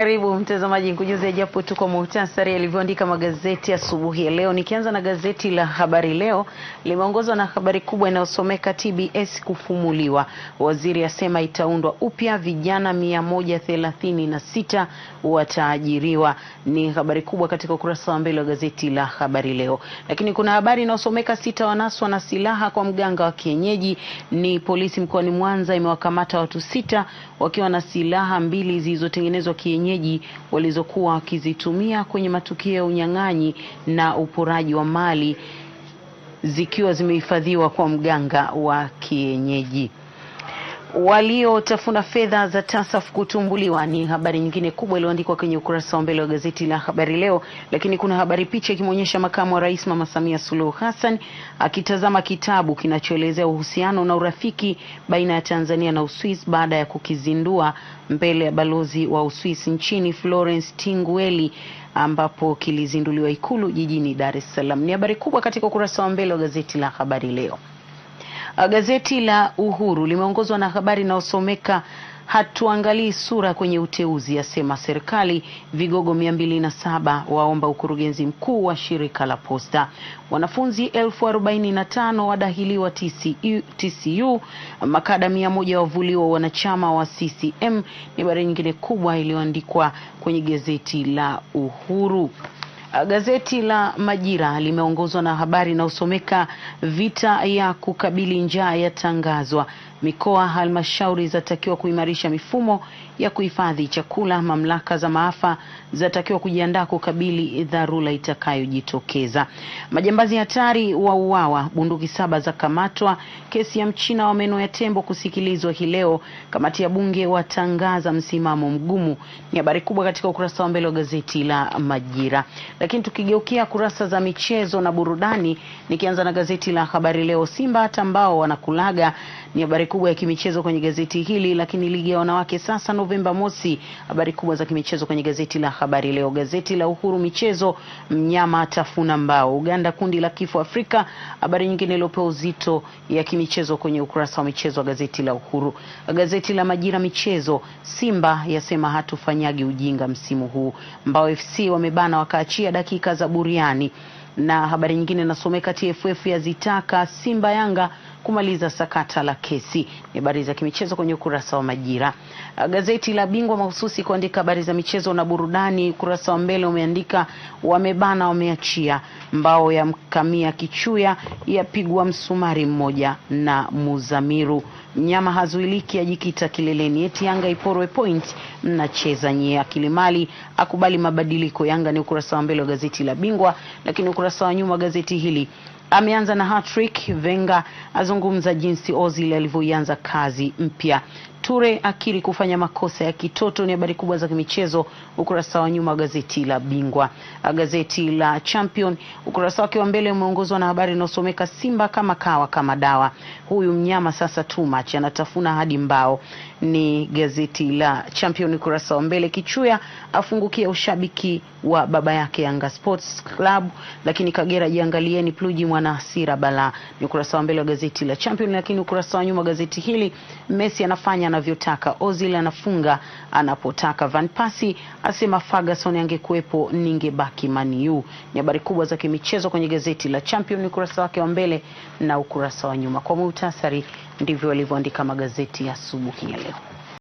Karibu mtazamaji, nikujuze japo tu kwa muhtasari alivyoandika magazeti asubuhi ya leo, nikianza na gazeti la Habari Leo. Limeongozwa na habari kubwa inayosomeka TBS kufumuliwa, waziri asema itaundwa upya, vijana 136 wataajiriwa. Ni habari kubwa katika ukurasa wa mbele wa gazeti la Habari Leo, lakini kuna habari inayosomeka sita wanaswa na silaha kwa mganga wa kienyeji. Ni polisi mkoani Mwanza imewakamata watu sita wakiwa na silaha mbili zilizotengenezwa kienyeji wenyeji walizokuwa wakizitumia kwenye matukio ya unyang'anyi na uporaji wa mali zikiwa zimehifadhiwa kwa mganga wa kienyeji. Waliotafuna fedha za TASAF kutumbuliwa ni habari nyingine kubwa iliyoandikwa kwenye ukurasa wa mbele wa gazeti la Habari Leo, lakini kuna habari picha ikimwonyesha makamu wa rais Mama Samia Suluhu Hassan akitazama kitabu kinachoelezea uhusiano na urafiki baina ya Tanzania na Uswisi baada ya kukizindua mbele ya balozi wa Uswisi nchini Florence Tingueli ambapo kilizinduliwa Ikulu jijini Dar es Salaam. Ni habari kubwa katika ukurasa wa mbele wa gazeti la Habari Leo. Uh, gazeti la Uhuru limeongozwa na habari inayosomeka hatuangalii sura kwenye uteuzi, asema serikali. Vigogo mia mbili na saba waomba ukurugenzi mkuu wa shirika la posta. Wanafunzi elfu arobaini na tano wadahiliwa TCU, TCU. Makada mia moja wavuliwa wanachama wa CCM. Ni habari nyingine kubwa iliyoandikwa kwenye gazeti la Uhuru. Uh, gazeti la Majira limeongozwa na habari inayosomeka vita ya kukabili njaa yatangazwa, mikoa halmashauri zatakiwa kuimarisha mifumo ya kuhifadhi chakula, mamlaka za maafa zatakiwa kujiandaa kukabili dharura itakayojitokeza. Majambazi hatari wa uawa, bunduki saba za kamatwa, kesi ya mchina wa meno ya tembo kusikilizwa hii leo, kamati ya bunge watangaza msimamo mgumu. Ni habari kubwa katika ukurasa wa mbele wa gazeti la Majira. Lakini tukigeukia kurasa za michezo na burudani, nikianza na gazeti la Habari Leo, Simba hata ambao wanakulaga ni habari kubwa ya kimichezo kwenye gazeti hili. Lakini ligi ya wanawake sasa Novemba mosi, habari kubwa za kimichezo kwenye gazeti la Habari Leo. Gazeti la Uhuru michezo, mnyama atafuna mbao. Uganda kundi la kifo Afrika, habari nyingine iliyopewa uzito ya kimichezo kwenye ukurasa wa michezo wa gazeti la Uhuru. Gazeti la Majira michezo, Simba yasema hatufanyagi ujinga msimu huu. Mbao FC wamebana wakaachia ya dakika za buriani. Na habari nyingine inasomeka TFF yazitaka Simba Yanga kumaliza sakata la kesi. Ni habari za kimichezo kwenye ukurasa wa Majira. Gazeti la Bingwa mahususi kuandika habari za michezo na burudani, ukurasa wa mbele umeandika wamebana, wameachia mbao ya mkamia kichuya yapigwa msumari mmoja na Muzamiru mnyama hazuiliki, ajikita kileleni. Eti Yanga iporwe point, mnacheza nyie. Akilimali akubali mabadiliko. Yanga ni ukurasa wa mbele wa gazeti la Bingwa, lakini ukurasa wa nyuma wa gazeti hili ameanza na hatrick Venga azungumza jinsi Ozil alivyoianza kazi mpya. Ture akiri kufanya makosa ya kitoto ni habari kubwa za kimichezo ukurasa wa nyuma gazeti la Bingwa. Gazeti la Champion ukurasa wake wa mbele umeongozwa na habari inayosomeka Simba kama kawa kama dawa, huyu mnyama sasa tmach anatafuna hadi mbao. Ni gazeti la Champion ukurasa wa mbele. Kichuya afungukia ushabiki wa baba yake Yanga Sports Club. Lakini Kagera, jiangalieni Pluji mwana hasira bala, ni ukurasa wa mbele wa gazeti la Champion. Lakini ukurasa wa nyuma gazeti hili, Messi anafanya anavyotaka, Ozil anafunga anapotaka, Van Persie asema Ferguson angekuwepo ningebaki Man U. Ni habari kubwa za kimichezo kwenye gazeti la Champion, ukurasa wake wa mbele na ukurasa wa nyuma. Kwa muhtasari, ndivyo walivyoandika magazeti ya asubuhi ya leo.